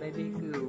Maybe baby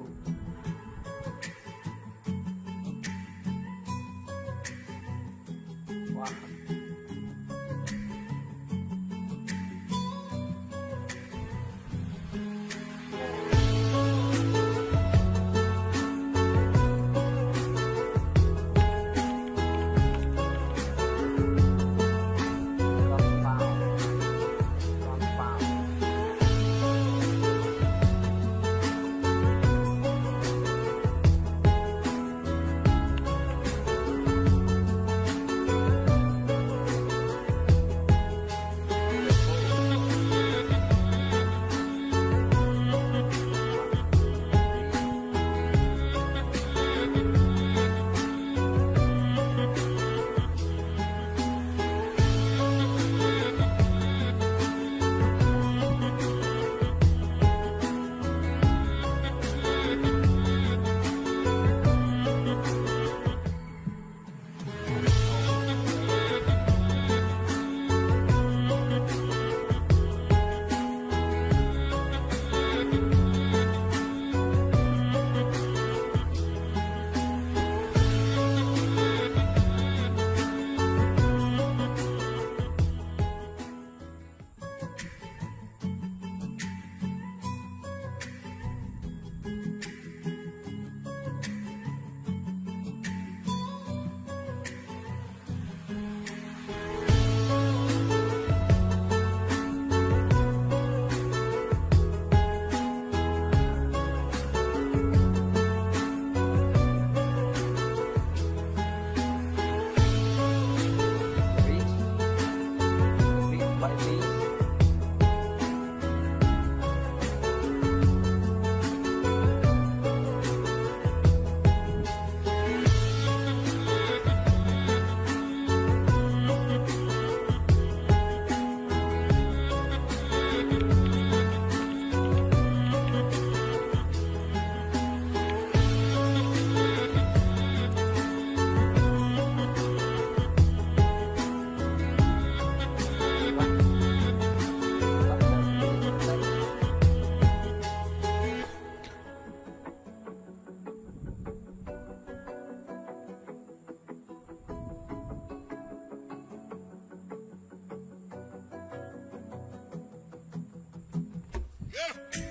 Yeah.